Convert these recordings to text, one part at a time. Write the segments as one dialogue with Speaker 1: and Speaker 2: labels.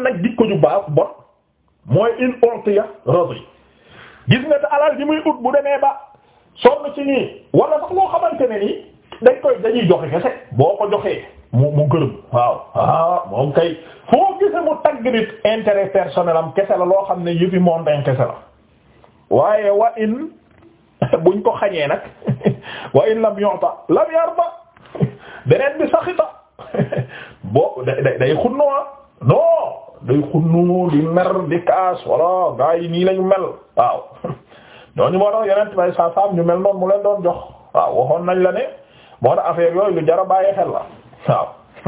Speaker 1: am nag jikko ju baax bon mooy in ya radi gis nga te alal ji muy ut bu demee ba sonn ci nii wala sax loo xamante ne nii dañ koy dañuy joxe kese boo ko joxee mu mu gërëm waaw ah moom kay foo gise mu tagg nit intérêt personnel am kese la loo xam ne yëfi mondain kese la waaye wa in buñ ko xañee nag wa in lam yu'ta lam yarda beneen bi saxita boo day day xunnuwa ah. non day xunnu di mer di kaas wala gars yi nii lañu mel waaw ñooñu moo tax yeneen bay saa ñu mel noonu mu leen doon jox waaw waxoon nañ la ne moo tax affaire yooyu lu jar ba bàyyi xel la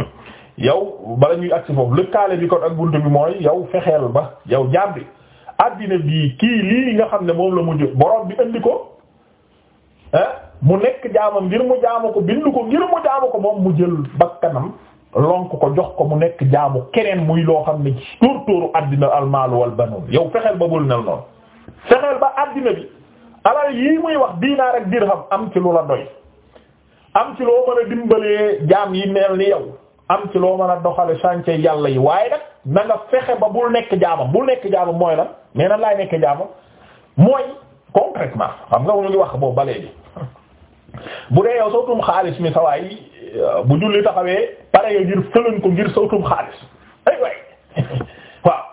Speaker 1: yow bala ñuy agsi foofu lëkkaale bi kon bi mooy yow fexeel ba yow jàmbi addina bii kii lii nga xam ne moom la mujj borom bi indi ko mu nekk jaamam ngir mu jaamu ko bindu ko ngir mu jaamu ko moom mu jël bakkanam lonk ko jox ko mu nekk jaamu keneen muy loo xam ne tóor tóoru àddina almaalu wal banuun yow fexeel ba bul nel noonu fexeel ba àddina bi alal yii muy wax diinaar biir dirham am ci lu la doy am ci loo mën a dimbalee jaam yi mel ni yow am ci loo mën a doxale chantier yàlla yi waaye nag na nga fexe ba bul nekk jaamam bul nekk jaamam mooy lan mais nan laay nekk jaamam mooy concrètement xam nga ñu ngi wax boobu ba léegi bu dee yow soo tum xaalis mi sa bu julli taxawee pare nga ngir fëlan ko ngir sawtum xaalis ay way waaw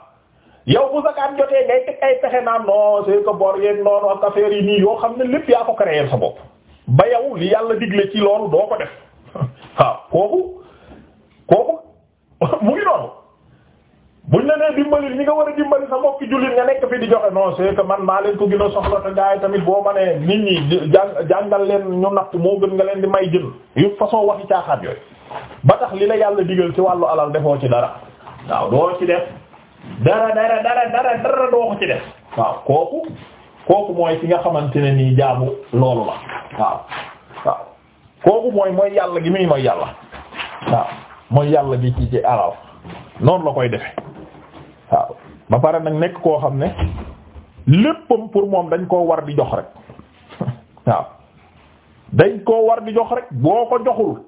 Speaker 1: yow bu zakaat jotee ngay ay pexe naan non c'est que bor yeeg noonu ak affaire yi nii yoo xam ne lépp yaa ko créer sa bopp ba yow li yàlla digle ci loolu doo ko def waaw kooku kooku mu ngi noonu buñ la nee dimbali ñi nga war a dimbali sa mbokki jullit nga nekk fi di joxe non c'est man maa leen ko gën a soxla te tamit boo ma nee nit ñi jàngal leen ñu natt moo gën nga leen di may jën yu façon waxi caaxaat yooyu ba tax li la yàlla digal ci wàllu alal defoo ci dara waaw doo ci def dara dara dara doo ko ci def waaw kooku kooku mooy ki nga xamante ne nii jaamu loolu la waaw waaw kooku mooy mooy yàlla gi muy mooy yàlla waaw mooy yàlla gi ci alal noonu la koy defe waaw ba pare nag nekk koo xam ne léppam pour moom dañ koo war di jox rek waaw dañ koo war di jox rek boo ko joxul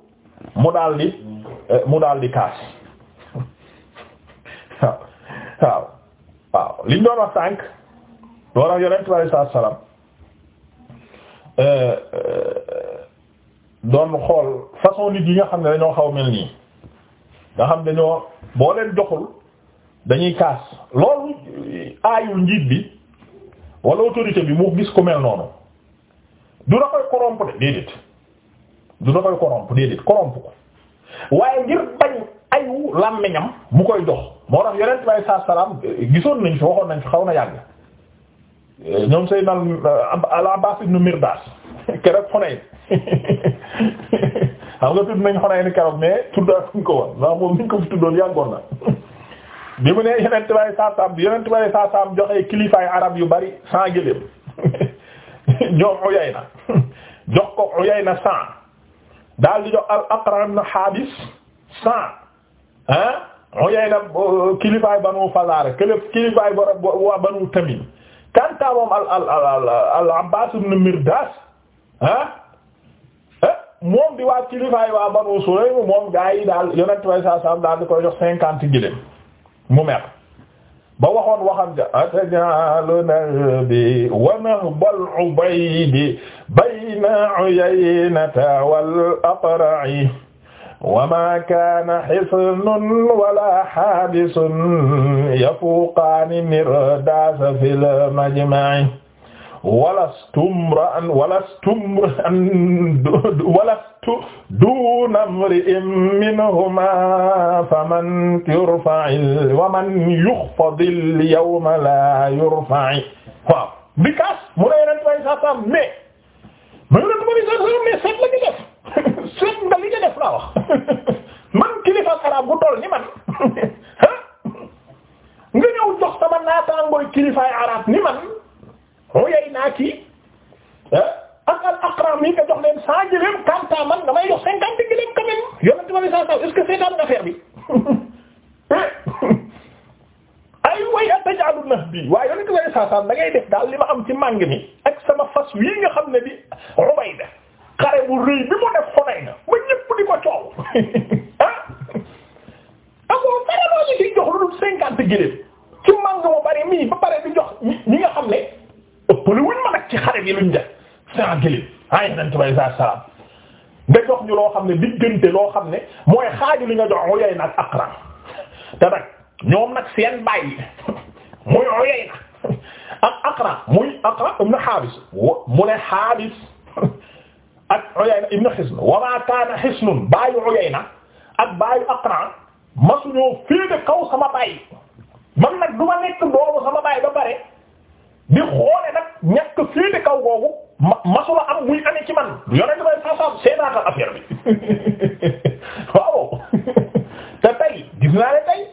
Speaker 1: mu daal di eh, mu daal di kaas waaw waaw liñ doon wax tànk doo tax yonent bi alayhi salaatu salaam eh, eh, doon xool façon nit yi nga xam ne dañoo xaw mel nii nga xam dañoo boo leen joxul dañuy kaas loolu aayul njiit bi wala autorité bi mu gis ku mel noonu du da koy corrompre de déedéet du da koy corrompre déedéet corrompre ko waaye ngir bañ ayu làmmiñam mu koy dox moo tax yonent bi saa salaam gisoon nañ fi waxoon nañ fi xaw na yàgg ñoom Seydina al-Abbas ibn Mirdas keroog Hunayn xam nga tudd nañ Hunayn keroog mais tuddaatuñ ko woon ndax moom niñ ko fi tuddoon yàggoon na bi mu ne yeneen tubaab yi saa saam yeneen joxe kilifaay arab yu bari sans gëléem ñoom Uyayna jox ko Uyayna sans daal di jox al-Aqra' ibn Haabis sans Uyayna euh, kilifaay Banu Fazaara kilifaay waa Banu Tamim kanta moom al al al al Abbaas ibn Mirdaas ah moom di waa kilifaay waa Banu Sulaym moom gaa yi daal yeneen tubaab yi daal di koy jox cinquante gëléem mu mer ba waxoon waxam ja atajalu nahbi wa nahbal ubaydi bayna uyaynata wal aqra'i wa ma kaana xisnun wala xaabisun yafuuqaani mirdaasa fil majma'i walastumra'an walastumra'an walastu duuna mri'in minhumaa faman yurfa'i wa man yukhfadil yawma laa yurfa'i waaw bi kaas mu ne yonent bay sa sam mais ma yonent man kilifa arab bu toll ni man nga ñëw jox sama naataangooy kilifaay arab ni man Uyayna ki ah, ak al Aqram yi nga jox leen cent gëléem kanta man damay jox cinquante gëléem quand même yonent bi sallallahu alayhi wasallam est-ce que seetaan nga affaire bi ay way ataj'alu nahbi waaye yonent bi sallallahu alayhi wasallam da ngay def daal li ma am ci màng mi ak sama fas yi nga xam ne bi Ubayda xare bu rëy bi mu def Xunayna ba ñëpp di ko coow ah amoo dara loo ñu ciy jox lu dul cinquante gëléem ci màng mu bari mii ba pare di jox ñi nga xam ne ëppale wuñ ma ci xarit yi luñ def saa gëlin ah yeneen tubaab yi saa salaam nga jox ñu loo xam ne diggante loo xam ne mooy xaaju li nga jox Uyayna ak Aqra te nag ñoom nag seen muy Uyayna ak Aqra muy Aqra ibn Haabis mu ne ak Uyayna ibn Hisn wa maa kaana Hisnun baayu Uyayna ak baayu Aqra masuñoo féete kaw sama bàyyi man nag du ma nekk ba pare ñàkk féete kaw googu ma masula am muy amee ci man yonent bay saasaam seenaatal affaire bi waaw te tey gis naa ne tey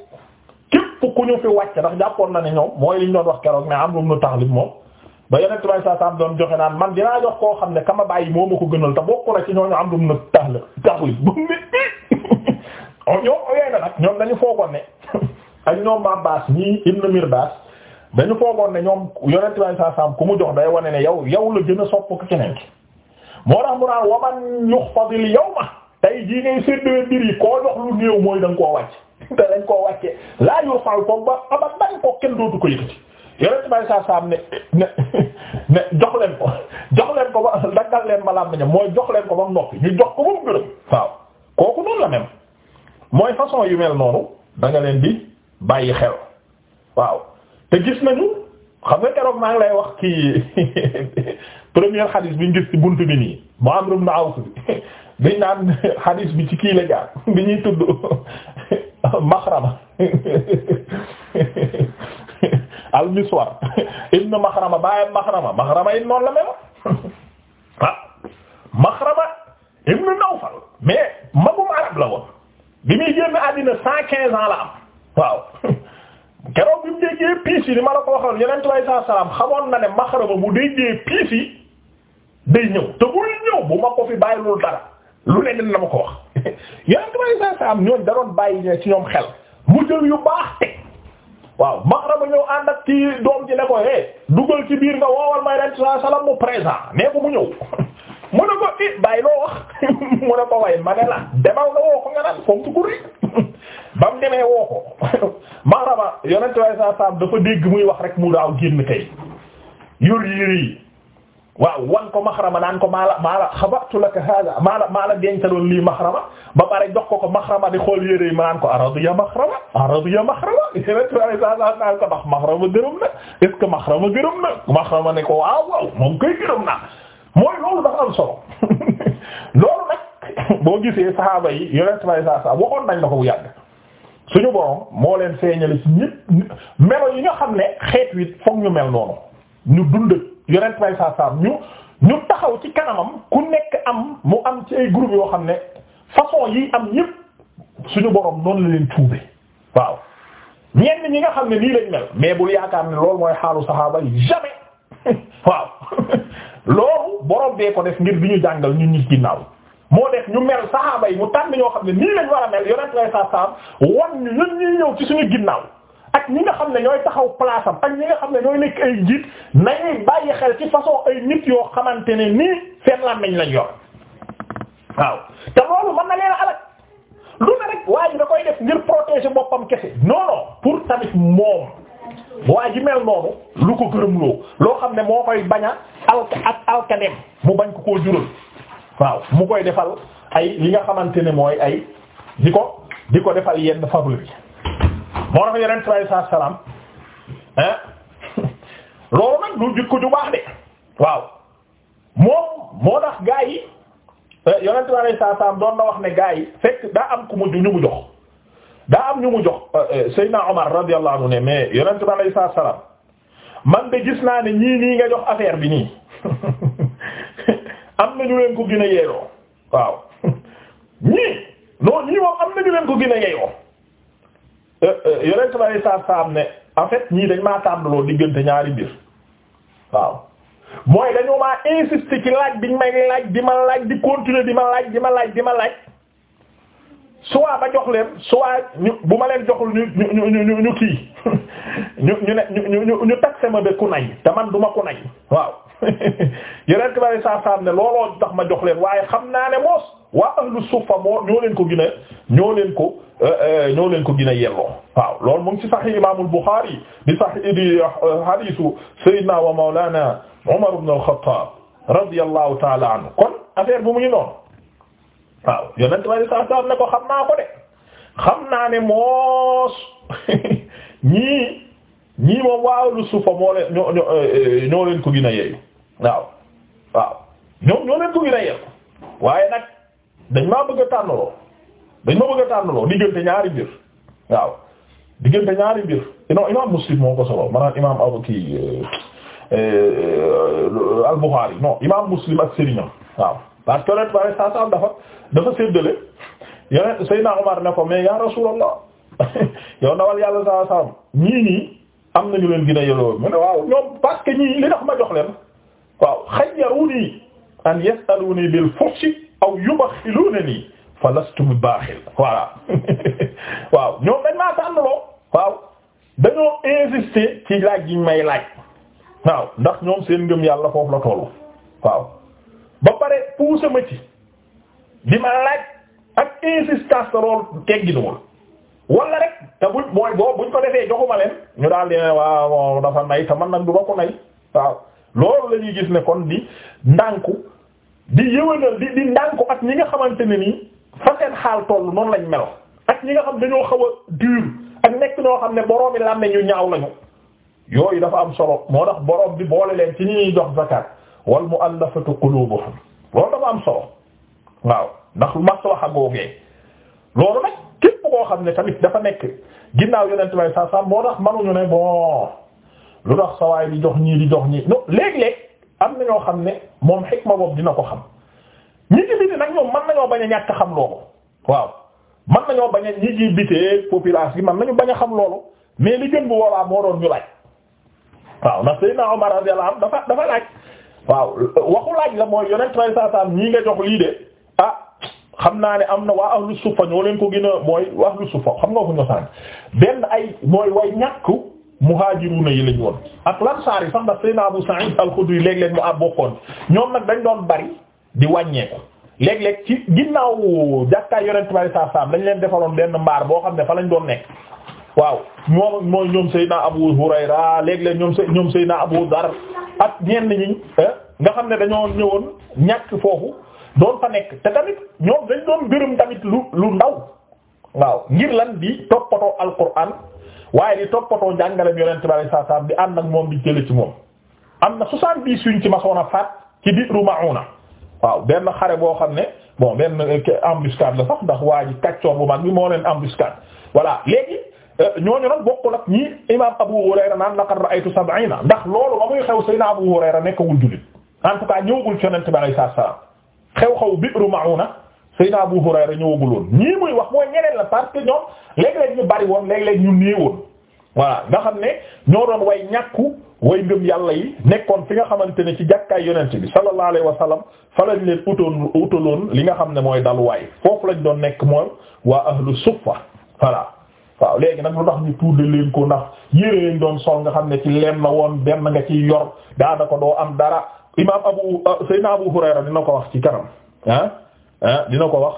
Speaker 1: képp ku ñu fi wàcc ndax jàppoon na ne ñoom mooy li ñu doon wax keroog mais am lu nu taxlib moom ba yonent bay saasaam doon joxe naan man dinaa jox koo xam ne kama bàyyi moo ma ko gënal te bokku na ci ñooñu am lu nu taxlib taxlib bu nit oh, ñoom oh, yooyu na nag ñoom dañu foogoon ne ak ñoom ma baas ñii Ibn Mirdas dañu foogoon ne ñoom yonent bi sallallahu ku mu jox day wane ne yow yow la gën a sopp ko keneen ki moo tax mu naan waman yuxfadil yawma tey jii ngay séddale mbir yi koo jox lu néew mooy da koo wàcce laa ko kenn dootu ko yëkkati yonent leen ko jox leen ko ba mooy jox leen ko ba mu noppi ñu jox ko ba mu gërëm waaw kooku noonu la même mooy façon yu mel noonu da nga leen di bàyyi xel waaw. te gis na nañu xam nga keroog maa ngi lay wax kii première xadis bi ñu gis ci buntu bi nii mu am rum na aw bi dañ naan xadis bi ci kii la jaar bi ñuy tudd Maxrama al Miswar ibn Maxrama baayam Maxrama Maxrama it noonu la ah, magum arab la bi muy génn àddina cent quinze ans la am waaw keroog bi mu déggee piis yi ni ma la ko waxoon yeneen tubaab saa salaam xamoon na ne maxaraba bu déggee piis day ñëw te bu ñëw bu ma ko fi bàyyi lu dara lu ne dina ma ko wax yeneen tubaab saa salaam ñooñ da doon bàyyi ne ci ñoom xel mu jël yu baax teg waaw maxaraba ñëw ànd ak doom ji ne ko eh, dugal ci biir nga woowal may ren saa salaam mu présent nee ko mu ñëw. bàyyi loo wax mu ne ko way ma ne la demal nga woo ko nga naan foog tukuri ba mu demee woo ko maarama yonent way sa saam dégg muy wax rek mu daaw génn tey yor yiri waaw wan ko maxarama naan ko maala maala laka hada maala maala dencaloon lii maxarama ba pare jox ko ko di xool yére ma naan ko aradu ya maxarama aradu ya maxarama yonent way sa saam naan ko ndax maxarama gërëm na est ce na mooy loolu dafa am solo loolu nag boo gisee saxaaba yi yonent may saa nañ la ko bu yàgg suñu borom moo leen feeñale ci ñëpp melo yi nga xam ne xeet wi fokk ñu mel noonu ñu dund yonent may saa ñu ñu taxaw ci kanamam ku nekk am mu am ci ay groupe yoo xam ne façon yi am ñëpp suñu borom noonu la leen tuube waaw ñenn ñi nga xam ne nii lañ mel mais bul yaakaar ne loolu mooy xaalu saxaaba yi jamais waaw loolu borom bee ko def ngir bi ñu jàngal ñu ñi ginnaaw moo def ñu mel saxaaba yi mu tànn ñoo xam ne nii lañ war a mel yonent lay sa saam wan ñu ñuy ñëw ci suñu ginnaaw ak ñi nga xam ne ñooy taxaw place ak ñi nga xam ne ñooy nekk ay njiit nañuy bàyyi xel ci façon ay nit yoo xamante ne nii seen làmmiñ lañ yor waaw te loolu mën na leen alal lu ne rek waaye da koy def ngir si boppam kese non pour tamit moom. waa ji noonu lu ko gërëmloo loo xam ne moo koy bañ a alka ak alkanem mu bañ ko koo jural waaw mu koy defal ay li nga xamante ne mooy ay di ko di ko defal yenn faveur bi moo tax yeneen bi alei salaam hein loolu nag lu jikko ju baax de waaw moom moo tax gaa yi eh, yonent bi alei salaatu salaam doon na wax ne gaa yi fekk daa am ku mu ñu mu jox daa am ñu mu jox euh, euh, Seydina Omar radiyallahu anhu ne mais yonent bi alayhi salaam man de gis naa ne ñii nii nga jox affaire bi nii am na nañu leen ko gën a yeeyoo waaw ñii non ñii moom am nañu leen ko gën a yeeyoo euh, yonent bi alayhi salaam ne en fait ñii dañ maa tàmbaloo diggante ñaari mbir waaw mooy dañoo maa insister ci laaj biñ may laaj di ma laaj di continuer di ma laaj di ma laaj di ma laaj. soit ba jox leen soit ñu bu ma leen joxul ñu ñu ñu ñu ñu kii ñu ñu ne ñu ñu ñu tax ku nay te man du ma ku nay waaw yeneen tubaab yi saa saa ne looloo tax ma jox leen waaye xam naa ne moos waa ahlu suffa moo leen ko gën a ñoo leen ko euh, euh, ñoo leen ko gën a yelloo waaw loolu mu ngi ci sahih imaamul Bukhari di sahih di euh, hadiisu Seydina wa Mawlana Umar ibn al-Khattab radiyallahu ta'ala anhu kon affaire bu mu ngi waaw yonent bi saa saa ne ko xam naa ko de xam naa ne moos ñii ñii moom waaw lu suufa moo leen ñoo ñoo eh, leen ko gën a yeeyu waaw waaw ñoom ñoo leen ko gën a yeeyu waaye nag dañ maa bëgg a tànnaloo dañ ma bëgg a tànnaloo diggante ñaari mbir waaw diggante ñaari mbir non imaam Muslim moo ko solo maanaam imaam Abu kii eh, eh, al-Bukhari non imaam Muslim ak sëriñam parce que leen saa saa dafa dafa séddale yeneen Seydina Omar ne ko mais ya Rasulullah yow ndawal yàlla saa saa ñii nii am nañu leen gën a yelloo mu ne waaw ñoom parce que ñii li tax ma jox leen waaw xayyaruni an yas'aluni bil fuhshi aw yubakhilunani fa lastu bi baaxil voilà waaw ñoom dañ maa tànn loo waaw dañoo insister ci laaj yi may laaj waaw ndax ñoom seen ngëm yàlla foofu la tollu waaw. ba pare puusa ma ci di ma laaj ak insistance te loolu tegginuwul wala rek te buñ mooy boo buñ ko defee joxuma leen ñu daal di ne waaw dafa nay te man nag du ma ko nay waaw loolu la ñuy gis ne kon di ndànku di yëwanal di di ndànku ak ñi nga xamante ne nii fa seen xaal toll noonu lañ mel ak ñi nga xam dañoo xaw a dur ak nekk ñoo xam ne boroomi làmme ñu ñaaw lañu yooyu dafa am solo moo tax boroom bi boole leen ci ñuy jox zakat wal mu'allafatu qulubuhum loolu dafa am solo waaw ndax maslaha googee loolu nag képp koo xam ne tamit dafa nekk ginnaaw yonent bay saa saa moo tax manuñu ne bon lu tax sawaay di jox ñii di jox ñii non léeg-léeg am na ñoo xam ne moom xikma boobu dina ko xam ñi ci biti nag ñoom mën nañoo bañ a ñàkk xam loolu waaw mën nañoo bañ a ñi ci biti population yi mën nañu bañ a xam loolu mais li gën bu woolaa moo doon ñu laaj waaw ndax Seydina Omar radiyallahu anhu waaw waxu laaj la mooy yonent way saasaam ñii nga jox lii de ah xam naa ne am na waa ahlu sufa ñoo leen ko gën a mooy wax ahlu sufa xam nga ko ñoo benn ay mooy way ñàkk muhajiruna yi lañ woon ak lansaar yi sax ndax Seydina Abu Sa'id al-Khudri léeg-léeg mu ab bokkoon ñoom nag dañ doon bari di wàññeeku léeg-léeg ci ginnaaw jàkkaay yonent saa saasaam dañ leen defaloon benn mbaar boo xam ne fa lañ doon nekk waaw moom mooy ñoom na Abu Hurayra léeg-léeg ñoom ñoom Seydina Abu Dar ak ñenn ñi eh, nga xam ne dañoo ñëwoon ñàkk foofu doon fa nekk te tamit ñoom dañ doon gërëm tamit lu lu ndaw waaw ngir lan bi toppatoo Alquran waaye di toppatoo njàngaleem Yonent bi sallallahu alayhi wasallam ànd ak moom di jële ci moom. am na soixante-dix suñ ci masoon a faat ci Bi'ru Ma'una waaw benn xare boo xam ne bon benn eh, embuscade la sax ndax waa ji kàccoor bu mag bi moo leen embuscade voilà Euh, ñooñu nag bokkul ak ñi imaam Abu Hurayra naan laqad ra'aytu sab'ina ndax loolu ba muy xew Seydina Abu Hurayra nekkagul jullit en tout cas ñëwagul ci Yonent bi alayhi salaam xew-xew Bi'ru Ma'una Seydina Abu Hurayra ñëwagul woon ñii muy wax mooy ñeneen la parce que ñoom léeg-léeg ñu bari woon léeg-léeg ñu néewoon voilà nga xam ne ñoo doon way ñàkku way ngëm yàlla yi nekkoon fi nga xamante ne ci jàkkaay yonent bi sallallahu alayhi wa sallam fa lañ leen utoon utaloon li nga xam ne mooy daluwaay foofu lañ doon nekk mooy waa ahlu suffa waaw léegi nag lu tax ñu tuude leen ko ndax yére leen doon sol nga xam ne ci leen la woon benn nga ciy yor daanaka doo am dara imaam abu euh, Seydina Abu Hurayra dina ko wax ci kanam ah ah dina ko wax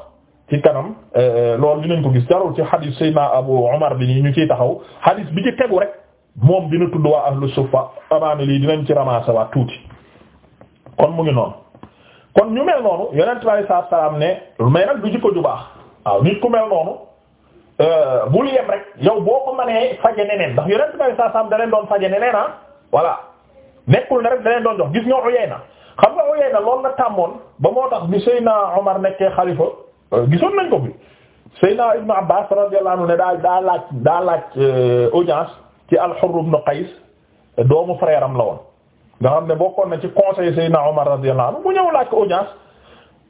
Speaker 1: ci kanam euh, euh, loolu dinañ ko gis jarul ci hadith Seydina Abu Umar bi nii ñu ciy taxaw hadith bi ci tegu rek moom dina tudd waa ahlu suffa amaana lii dinañ ci ramasser waa tuuti kon mu ngi noonu kon ñu mel noonu yonent bi sallallahu alayhi wasallam ne may nag du jikko ju baax waaw nit Euh, bul yem rek yow boo ko mënee faje neneen ndax yonent bi saa saam da leen doon faje neneen ah voilà nekkul ne rek da leen doon jox gis nga Uyayna xam nga Uyayna loolu la tàmmoon ba moo tax bi Seydina Omar nekkee xalifa euh, gisoon nañ ko bi Seydina Ibn Abbas radiyallahu anhu ne daa daa laaj daa laaj euh, audience ci al-Hurr ibn Qays doomu frère am la woon nga xam ne bokkoon na ci conseil Seydina Omar radiyallahu anhu mu ñëw laaj ko audience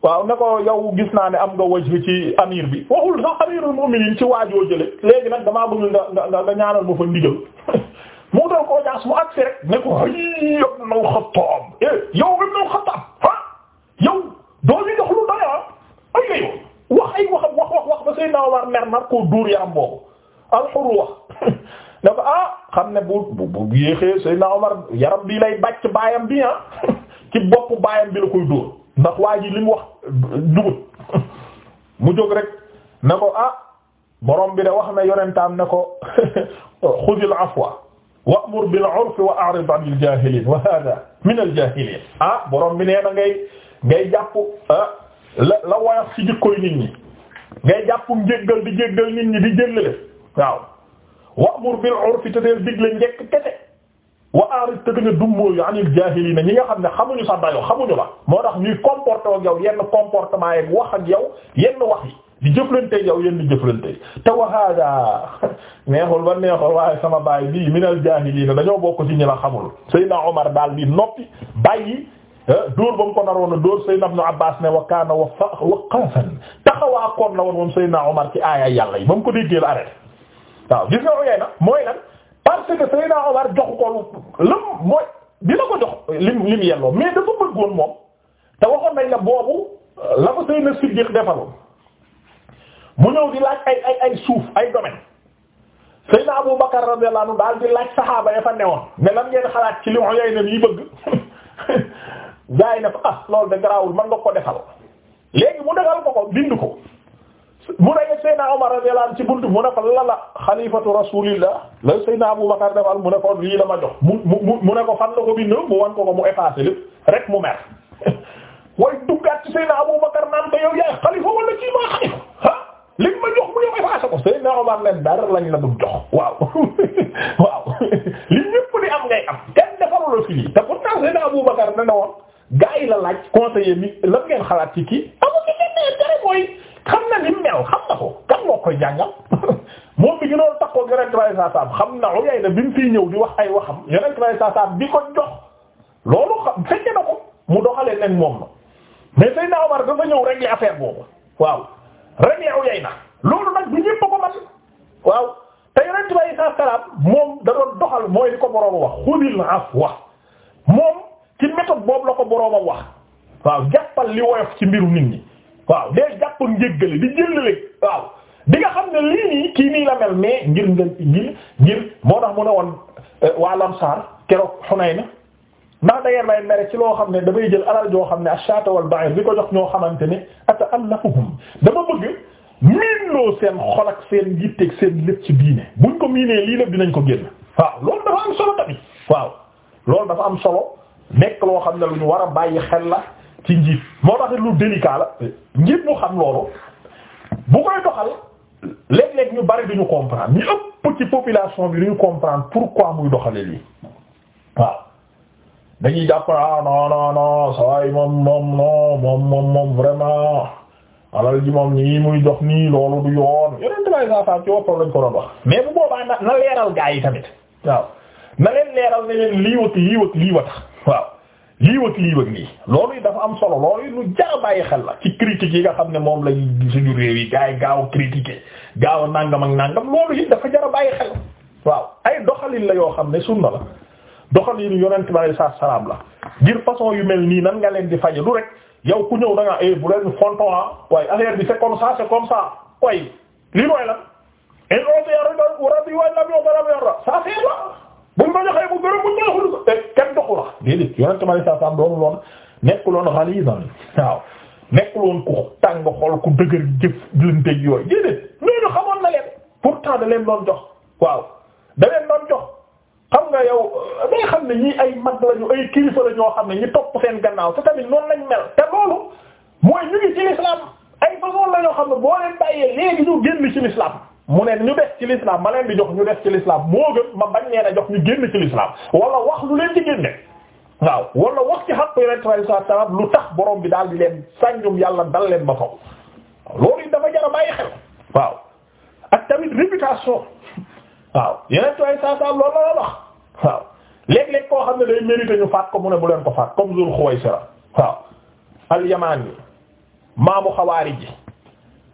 Speaker 1: waaw ne ko yow gis naa ne am nga waj ci amir bi waxul sax amirul mu'minin ci waajoo jële léegi nag damaa bëgg nga nga nga ñaanal ma fa ndigal mu dal ko jaas mu agsi rek ne ko ay Ibn al-Khattab eh, yow Ibn al-Khattab ah yow doo ñu jox lu doy ah ay wax ay wax wax wax wax ba say naaw war mer nar koo dóor yaram boobu alxur wax ne ko ah xam ne bu bu bu yéexee say naaw war yaram bii lay bàcc baayam bi ah ci bopp baayam bi la koy dóor ndax waa ji li mu wax jugut mu jóg rek na ko ah borom bi de wax na yonentaam ne ko xudil afwa wa'mur bil 'urfi wa a'rid 'anil jaahiliin wa haadha min al jaahiliin ah borom bi nee na ngay ngay jàpp ah, la la woyof ci jikkoy nit ñi ngay jàpp njéggal di jéggal wa ñi di jëllale waaw te deel digle njekk wa aarid te nga dummóoyu anil jaahiliina ñi nga xam ne xamuñu sa dayoo xamuñu la moo tax ñuy comporté ak yow yenn comportement yeeg wax ak yow yenn wax yi di jëflanteeg yow yenn di jëflanteeg te wa haadaa neexul ba neexul waaye sama baay bii minal jaahiliina dañoo bokk ci ñi la xamul Seydina Omar daal di noppi bàyyi eh, dóor ba mu ko naroon a dóor Seydina Ibnu Abbaas ne wa kaana wa waqaafan taxawaa koon la woon moom Seydina Omar ci aaya yàlla yi ba mu ko déggee la arrêté waaw gis nga Uyayna mooy lan parce que Seydina Omar joxu ko lim mooy la ko jox lim lim yelloo mais dafa bëggoon moom te waxoon nañ la boobu euh, la ko Seydina Siddiq defaloon mu ñëw di laaj ay ay ay suuf ay domaine Seydina Abu Bakar radiyallahu anhu daal di laaj saxaaba ya fa newoon ne lan ngeen xalaat ci li mu yay na yi bëgg jaay na ko ah loolu de garaawul man nga ko defal léegi mu defal ko ko bind ko. mu ne Seydina Omar radiyallahu anhu ci buntu mu ne ko la la xalifatu rasulillah la Seydina Abu Bakar defal mu ne ko lii la ma jox mu mu mu ne ko fan la ko bind mu wan ko ko mu effacé lépp rek mu mer way duggaat ci Seydina Abu Bakar naan ko yow yaay xalifa wala kii maa xalifa ah liñ ma jox mu yow effacé ko Seydina Omar leen dara lañ la dul jox waaw waaw li ñëpp di am ngay am kenn defarul la fii te pourtant Seydina Abu Bakar dana woon gaa la laaj conseiller ni mu xam na ko kan moo koy jàngal moom bi gënoon takkoo ak Yonent bi sallallahu na Uyayna bi ñëw di wax ay waxam Yonent bi sallallahu alayhi wasallam di ko jox loolu xam fekke na ko mu doxalee nen moom la mais Seydina Omar dafa ñëw régler affaire boobu waaw régler Uyayna loolu nag du ñëpp ko man waaw te Yonent bi sallallahu alayhi wasallam moom da doxal mooy li ko boroom wax xudil afwa moom ci méthode boobu la ko boroom wax waaw jàppal li woyof ci mbiru nit ñi. waaw day jàpp njëggale di jëllale waaw di nga xam ne lii kii nii la mel mais ngir nga ngir ngir moo tax mu ne woon euh, waa Lamsaar keroog Xunayna ndax da ngeen may mere ci loo xam ne damay jël alal joo xam ne ash-shaata wal ba'ir bi ko jox ñoo xamante ne ata'allafuhum dama bëgg miinloo seen xol ak seen yitteeg seen lépp ci diine buñ ko miinee lii lépp dinañ ko génn waaw loolu dafa am solo tamit waaw loolu dafa am solo nekk loo xam ne lu ñu war a bàyyi xel la. ci njiit moo tax lu délicat la njiit mu xam loolu bu koy doxal léeg-léeg ñu bari duñu comprendre ñu ëpp ci population bi duñu comprendre pourquoi muy doxale lii waaw dañuy jàpp ah non non non saa yi moom moom non moom moom moom vraiment alal ji moom nii muy dox nii loolu du yoon yeneen tubaab yi saa ci woppam lañ ko doon wax. mais bu boobaa na na leeral gaa tamit waaw na leen leeral ne leen lii wut lii wut lii wut waaw. lii ak lii ak lii loolu yi dafa am solo loolu yi lu jar bàyyi xel la ci critiques yi nga xam ne moom lañ suñu réew yi gars yi gaaw critiquer gaaw a nàngam ak nàngam loolu yi dafa jar a bàyyi xel waaw ay doxalin la yoo xam ne sunna la doxalin yonent bi alayhi salaam la ngir façon yu mel nii nan nga leen di faje du rek yow ku ñëw da nga eh bu leen fonton ah waaye affaire bi c'est comme ça c'est comme ça waaye lii mooy lan in la ça c'est ça buñ ko joxee bu gërëm buñ ko eh, waxu la déedéet yonent ma saa saa doonul woon nekkul woon ghalizan waaw nekkul woon ku tàng xol ku dëgër jëf jëlanteeg yooyu déedéet loolu xamoon na leen pourtant da leen doon jox xam nga yow day xam ne ñi ay mag lañu ay kilifa la ñoo xam ne ñu topp seen gannaaw te tamit noonu lañ mel te loolu mooy ñu ngi ci l'islam ay façon la ñoo xam ne boo leen bàyyee léegi ñu génn ci l'islam mu ne ñu des ci l'islam ma leen di jox ñu des ci l'islam moo gën ma bañ nee na jox ñu génn ci l'islam wala wax lu leen ci génne waaw wala wax ci xaq yonent bi sallallahu alayhi wasallam lu tax borom bi daal di leen sànjum yàlla dal leen ba kaw loolu it dafa jar a bàyyi xel waaw ak tamit réputation waaw yonent bi sallallahu alayhi wasallam loolu la la wax waaw léeg-léeg koo xam ne day mérité ñu faat ko mu ne bu leen ko faat comme Zul Khuwaysira waaw al-Yamani maamu xawaarij ji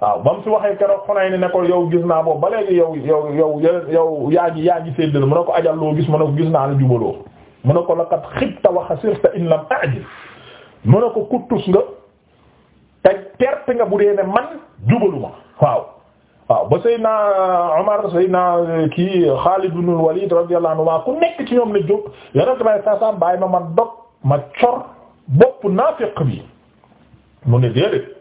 Speaker 1: waaw ba mu si waxee keroog xonay ni ne ko yow gis naa boobu ba yow yow yow yow yaa ngi yaa ngi séddale mu ne ko ajal loo gis mu ne ko gis naa la jubaloo mu ne ko laqad xibta wa xasirta in lam ajil mu ne ko kuttus nga te perte nga bu dee ne man jubalu waaw. waaw ba Seydina Omar Seydina kii Xaalid ibn Walid radiyallahu anhu waa ku nekk ci ñoom ne jóg yeneen tamit saa saa bàyyi ma ma ma cor bopp naafiq bi mu ne déedéet.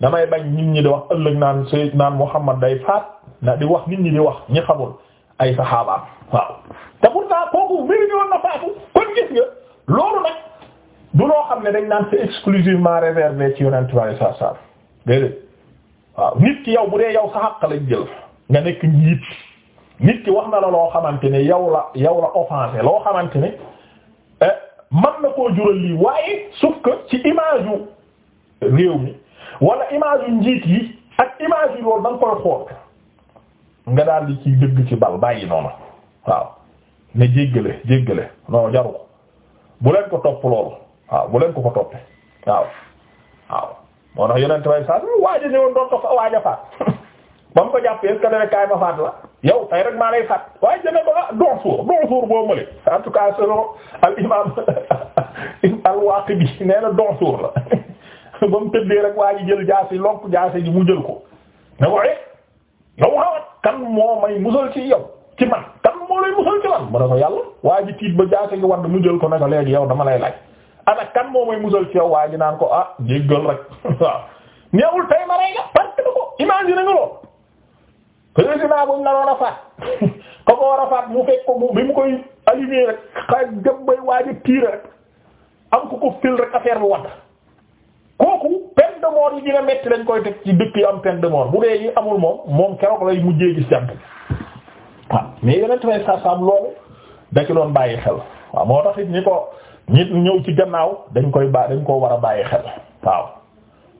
Speaker 1: damay bañ nit ñi di wax ëllëg naan Seydou naan Muhammad day faat na di wax nit ñi di wax ñi xamul ay saxaabaam waaw te pourtant kooku mbiri ñu woon na faatu kon gis nga loolu nag du loo xam ne dañ naan c'est exclusivement réservé ci yonent bi saa saa déedéet waaw nit ki yow bu dee yow sa xaq lañ jël nga nekk njiit nit ki wax na la loo xamante ne yow la yow la offensé loo xamante ne eh, man na koo jural lii waaye sauf ci image yu réew mi. wala image njiit yi ak image loolu da nga koy xool nga daal di ciy dëgg ci bal bàyyi noonu waaw ne jéggale jéggale non jaru ko bu leen ko topp loolu waaw bu leen ko ko toppee waaw waaw moo tax yeneen traçais waaja ne woon doon topp waaja faat ba mu ko jàppee est-ce que dana ma faat la yow tay rek maa lay faat waaye dana ba ah don suur don suur boo mënee en tout al imam al Waaqidi nee na don suur la. ba mu tëddee rek waa jël jaasi lonk jaasi ji mu jël ko ne ko eh yow xawat kan moo may musal ci yow ci man kan moo lay musal ci man mu ne ko yàlla waa ji tiit ba jaasi gi wadd mu jël ko ne ko léegi yow dama lay laaj ana kan moo may musal ci yow waa ji naan ko ah jéggal rek waaw ñeewul tay ma rey ko imagine nga lool président buñ naroon a faat ko ko war a faat mu fekk ko mu mu koy allumé rek xay bay waaj a tiire rek am ko ko fil rek affaire bi wadd kooku peine de mort yi dina metti lañ koy teg ci dëkk yi am peine de mort bu dee yi amul moom moom keroog lay mujjee gis jant waaw mais yeneen traçais sàmm loolu da ci doon bàyyi xel waaw moo tax ñi ko ñi ñëw ci gannaaw dañ koy ba dañ koo war a bàyyi xel waaw.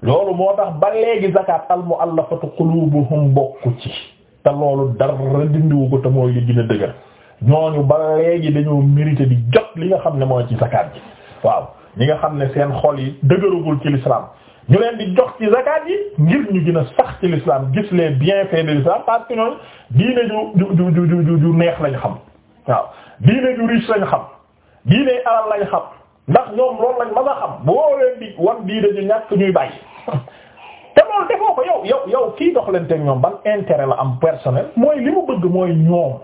Speaker 1: loolu moo ba léegi zakat al mu'allafatu qulubuhum bokku ci te loolu dara dindiwu ko te mooy li gën a dëgër ñooñu ba léegi dañoo mérité di jot li nga xam ne mooy ci zakat bi waaw. ñi nga xam ne seen xol yi dëgëragul ci l'islam ñu leen di jox ci zakat yi ngir ñu gën sax ci l'islam gis leen bienfaits de l'islam parce que diine ju ju ju ju ju neex lañ xam waaw diine ju riche lañ xam diine alal lañ xam ndax ñoom loolu lañ mën a xam boo leen di wan diine ju ñàkk ñuy bàyyi te loolu defoo ko yow yow yow kii dox leen teg ñoom ban intérêt la am personnel mooy li mu bëgg mooy ñoom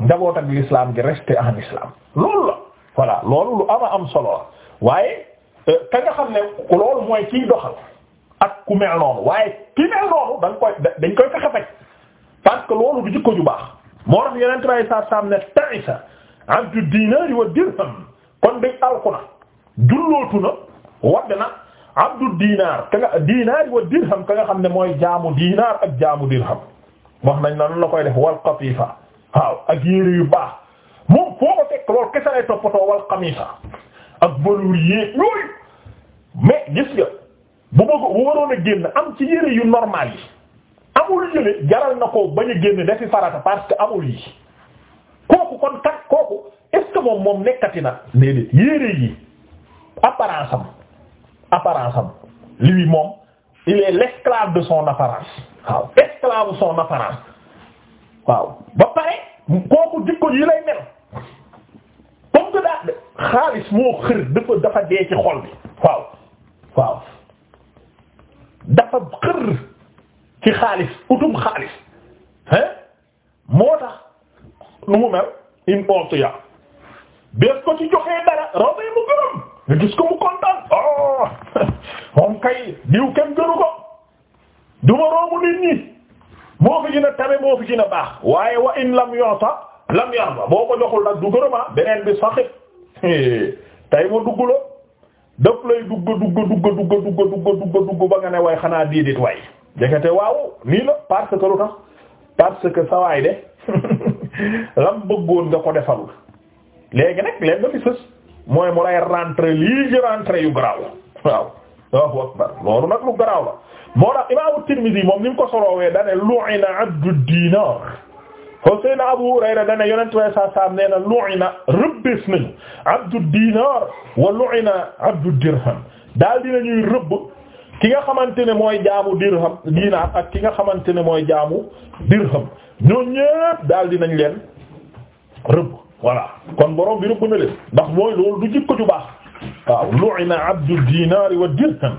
Speaker 1: njaboot ak gi rester en islam loolu la voilà lu ama am solo waaye euh, ka nga xam ne loolu mooy kiy doxal ak ku mel waaye ki mel noonu dañ koy dañ koy fexe faj parce que loolu du jikko ju baax moo tax yeneen tubaab yi saa saa ne ta'isa abdu dinaar wa dirham kon de alku na jullootu na wadd na abdu dinaar ka nga dinaar wa dirham ka nga xam ne mooy jaamu dinaar ak jaamu dirham wax nañ la lan la koy def wal qatifa waaw ak yu baax moom foo ko fekk loolu kese lay toppatoo wal ak valeur yéeg yooyu mais gis nga bu bëgg bu waroon a génn am ci yére yu normal yi amul yële jaral na ko bañ a génn defi farata parce que amul yi kooku kon kat kooku est-ce que moom moom nekkati na déedéet yére yi apparence am apparence am lui moom il est l'esclave de son apparence waaw esclave son apparence waaw ba pare kooku jikko yi lay mel xaalis moo xër dafa dafa dee ci xol bi waaw dafa xër ci xaalis utum xaalis hein moo tax nu mu mel in utiya bés ko ci joxee dara robe mu gërëm nga gis mu kontaan oh moom kay diw kenn gënu ko du ma roomu nit ñi moo fi gën a tabe moo fi gën baax waaye wa in lam yota lam yarba boo ko joxul nag du gërëmaa beneen bi saxit Eh, tey ma dugg la daf lay dugg dugg dugg dugg dugg dugg dugg dugg ba nga ne waay xanaa diidit waay jekete waaw nii la parce que lu tax parce que sawaay de lam bëggoon nga ko defalul léegi nag léegi nga fi sës mooy mu lay rentré lii ji rentré yu garaaw waaw loolu nag lu garaaw la moo tax imaamu Tirmidhi moom ni mu ko soroowee dane lu'ina abdu dinar Seydina Abu Hurayra dana yonent way saa saam nee na lu'ina rëbbis nañu abdu dinar wa lu'ina abdu dirham daal dina ñuy rëbb ki nga xamante ne mooy jaamu dirham dinar ak ki nga xamante ne mooy jaamu dirham ñoo ñépp daal dinañ leen rëbb voilà kon borom bi rëbb na leen ndax mooy loolu du jikko ju baax waaw lu'ina abdu dinar wa dirham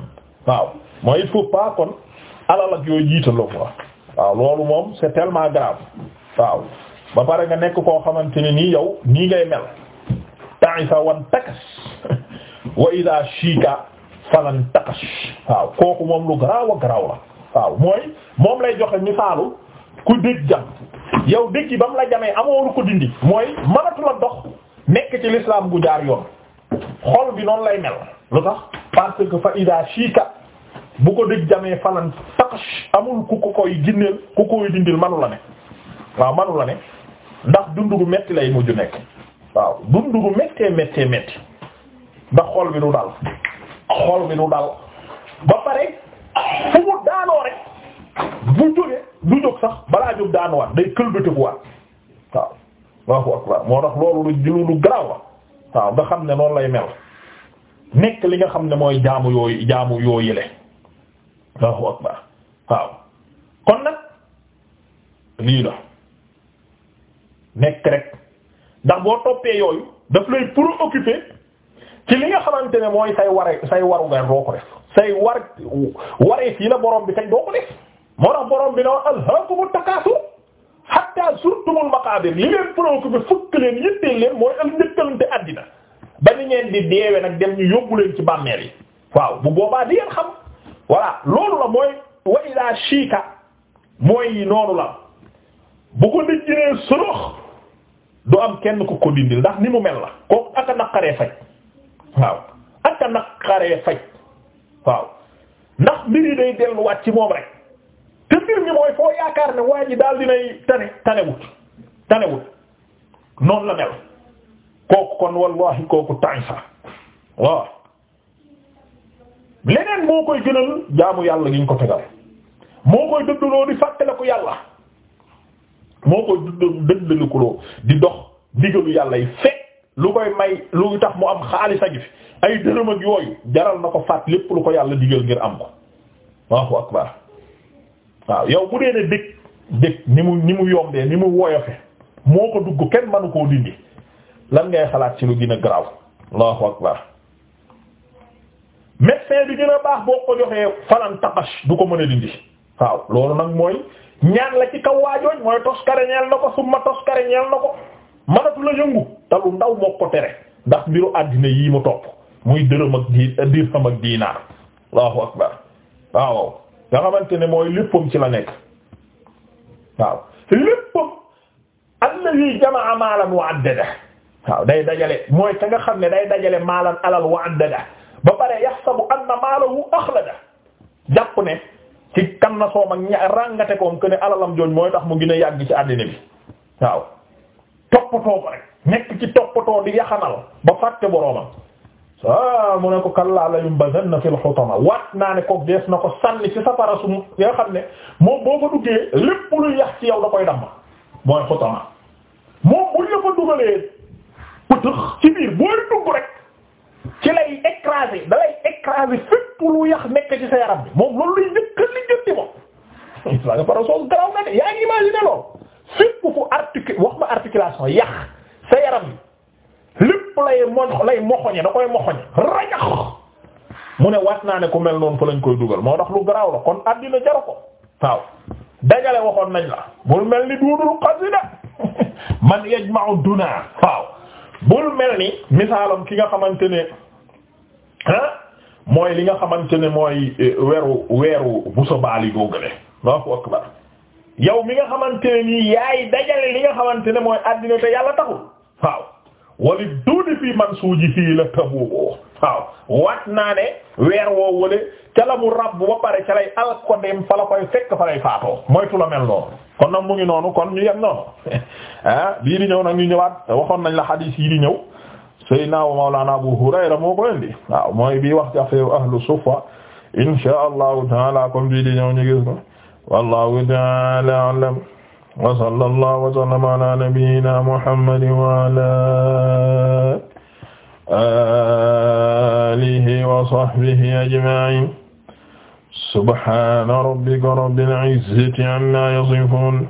Speaker 1: waaw mooy il faut pas kon alal ak yooyu waaw ba pare nga nekk koo xamante ne nii yow nii ngay mel ta'isa wan takas wa ida shika falan takas waaw kooku moom lu garaaw a garaaw la waaw mooy moom lay joxe misaalu ku dégg jam yow dégg ba mu la jamee amoo lu ko dindi mooy mënatu la dox nekk ci l'islam gu jaar yoon xol bi noonu lay mel lu tax parce que fa ida shika bu ko dégg jamee falan takas amul ku ko koy ginneel ku koy dindil manu la ne waaw manu la ne ndax dund gu metti lay mujj nekk waaw dund gu méttee méttee métti ndax xol bi du dal xol bi du dal ba pare fu mu daanoo rek bu jógee du jóg sax balaa jóg daanuwaat day këlbatikuwaat waaw waaw waaw moo waaw nga xam ne noonu lay mel nekk li nga xam ne mooy jaamu yooyu jaamu yoo yële waaw kon nag lii la. nekk rek ndax boo toppee yooyu daf lay préoccuper ci li nga xamante ne mooy say waree say waru nga doo ko def say war waree fii la borom bi tañ doo ko def moo tax borom bi ne woon alhaakumut takaasur hatta zurtumul maqaabir li leen préoccupé fukk leen yëtteel leen mooy al njëkkalante àddina ba ni ngeen di deewe nag dem ñu yóbbu leen ci bàmmeel yi waaw bu boobaa di ngeen xam voilà loolu la mooy wa ila shika mooy noonu la bu ko dijjinee sorox du am kenn ku ko dindil ndax ni mu mel la ko ak a naqaree faj waaw ak a naqaree faj waaw ndax mbiri day delluwaat ci moom rek te mbir mi mooy foo yaakaar ne waa ji daal dinay tane tanewut tanewut noonu la mel kooku kon wallahi kooku tànsa waaw leneen moo koy gënal jaamu yàlla gi ñu ko tegal moo koy dëddaloo di fàttale ko yàlla moo koy dëddalikuloo di dox ndigalu yàlla yi fekk lu koy may lu tax mu am xaalis a gi ay dërëm ak yooyu jaral na ko faat lépp lu ko yàlla digal ngir am ko Allahu akbar waaw yow bu dee ne dëkk dëkk ni mu ni mu yombee ni mu woyofe moo ko dugg kenn manu koo dindi lan ngay xalaat ci lu gina a garaaw Allahu akbar médecin bi gën a baax boo ko joxee falan taqash du ko mën a dindi waaw loolu nag mooy ñaan la ci kaw waajooñ mooy toskare ñeel na ko summa toskare ñeel na ko manatu la yëngu te ndaw moo ko tere ndax mbiru àddina yii mu topp muy dërëm ak di eh, dirham ak diinaar waaw nga xamante ne mooy léppam ci la nekk waaw léppam allazi jamaa maalan wa addada waaw day dajale mooy ka nga xam ne day dajale maalan alal wa addada ba pare yaxsabu anna maalahu axlada jàpp ne ci kan na soom ak ña ràngate koom que alalam jooñ mooy tax mu gën a yàgg ci àddina bi waaw toppatoo ko rek nekk ci toppatoo di yaxanal ba fàtte boroomam ah mu ne ko kallaa la yumbazanna fil xutama waat naa ne koog dees na ko sànni ci safara su nga xam ne moom boo ko duggee lépp lu yax ci yow da koy damm mooy xutama moom buñ la fa dugalee pëtëx ci biir booy dugg rek ci lay écraser da lay écraser fépp lu yax nekk ci sa yaram bi moom loolu luy njëkk li njëkk di moom. isla nga fara soos garaw na de yaa ngi imaginer loolu fépp fu articu wax ma articulation yax sa yaram bi lépp lay moñ lay moxoñe da koy moxoñe rajax mu ne wat naa ne ku mel noonu fa lañ koy dugal moo tax lu garaaw la kon àddina jaru ko waaw dajale waxoon nañ la bul mel ni duudul xasida man yajma'u duna waaw bul mel ni misaalam ki nga xamante ne ah mooy li nga xamante ne mooy eh, weeru weeru busa baali góogale Allahu akbar yow mi nga xamante ne nii yaay dajale li nga xamante ne mooy àddina te yàlla taxul waaw wali duudi fii man suuji fii la tabuuboo waaw waat naa ne weer woo wale ca la mu rabb ba pare ca lay al ko dem fa la koy fekk fa lay faatoo moytu la noonu kon nag mu noonu kon ñu yem noonu ah bii di ñëw nag ñu ñëwaat waxoon nañ la xadiis yi di ñëw Seydina wa Mawlana Abu Hurayra moo ko indi waaw mooy bi wax ci affaire ahlu suffa inshaa Allahu taala comme bi di ñëw ñu gis ko wallahu taala a'lam wa sallallahu wa sallama ala nabiyyina Muhammadin wa ala alihi wa sahbihi ajma'in subhana rabbika rabbil izzati amma yasifun